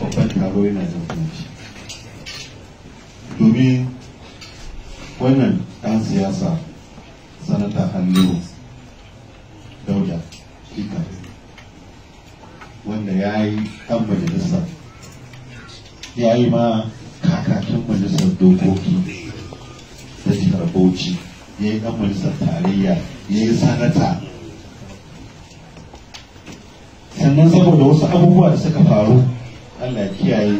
babban taro yana jin kunshi domin wannan ɗan siyasa sanata halliru dauda fika wanda ya yi ɗan majalisa ya yi ma kakakin majalisar dokoki da jihar bauchi ya yi ɗan majalisar tarayya ya yi sanata sannan saboda wasu abubuwa da suka faru allah kiyaye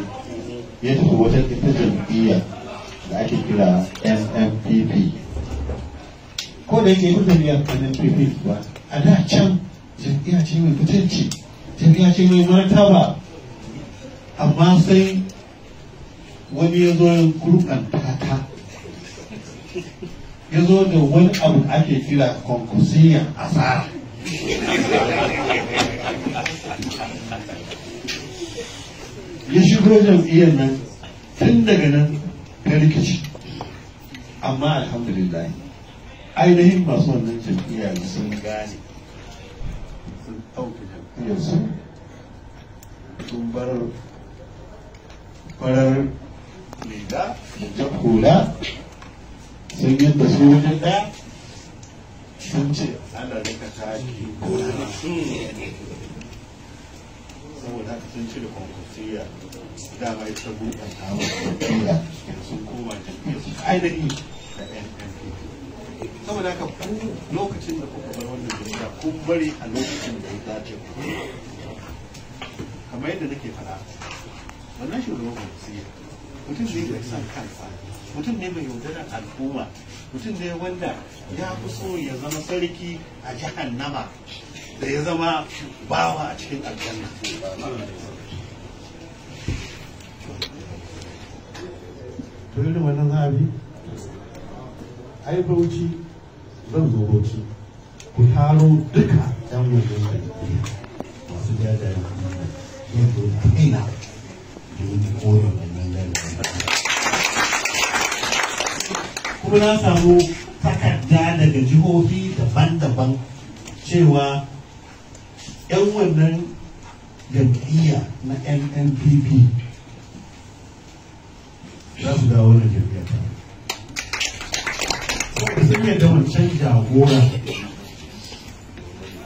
ya tafi wata ita jam'iyya da ake kira snpp ko da yake yi jam'iyyar snpp ba a da can jam'iyya ce mai fitanci jam'iyya ce mai martaba amma sai wani ya zo yin gurɓanta ta ya zo da wani abu ake kira konkursiyar asara ya shigo jam'iyyar nan tun daga nan ta rikici amma alhamdulillah ainihin masu wannan jam'iyyar sun gane sun ɗauka su sun bar farar riga da jan hula sun yadda su wajen ɗaya sun ce ana rika taki sun cire kwankwasiya dama ita ta tawon ta Yanzu sun koma Ya su ainihi da nnpp saboda haka ku lokacin da kuka bar wannan jam'iyya kun bari a lokacin da ya dace ku kamar yadda nake faɗa wannan shugaban kwankwasiya mutum ne mai san kansa mutum ne mai yaudarar al'umma mutum ne wanda ya fi so ya zama sarki a jihar nama da ya zama bawa a cikin aljanna irin wannan za a bi ai bauchi zan zo bauchi ku taro duka yan wajen da masu jajayen yin zo kaina domin koyon wannan lalata kuma na samu takarda daga jihohi daban-daban cewa yan wannan jam'iyya na nnpp za su dawo na jam'iyyar ta saboda sun yadda wancan jagora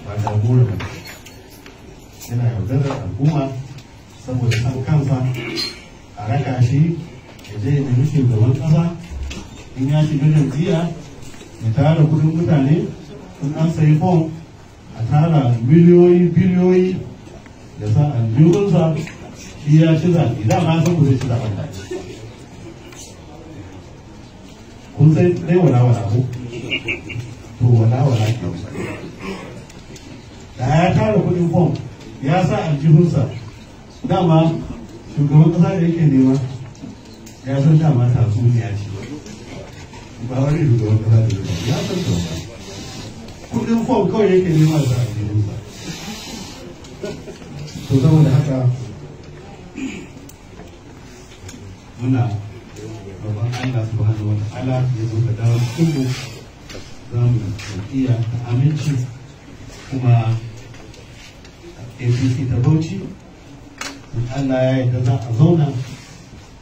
ba jagora ba yana yaudarar al'umma saboda san kansa a raka shi ya je ya nemi shugaban kasa in ya shiga jam'iyya ya tara kudin mutane in an sayi fom a tara miliyoyi biliyoyi da sa aljihunsa shi ya ci zaɓe dama ma san shi zai ci kun sai dai wala wala ko to wala wala ke da ya tara kudin fom ya sa aljihunsa dama shugaban kasa da yake nema ya san dama tatsuniya ce ba wani shugaban kasa da yake ya san ta tatsuniya kudin fom kawai yake nema sa aljihunsa to saboda haka muna ta'ala ya zo ka dawo za mu iya ta aminci kuma apc ta bauchi in allah ya yi za a zauna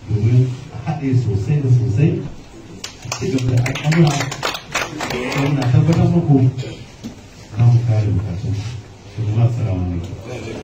domin a haɗe sosai da sosai a ci gaba da al'amura muna tabbatar muku za mu kare bukatun. Shugaba, salamu alaikum.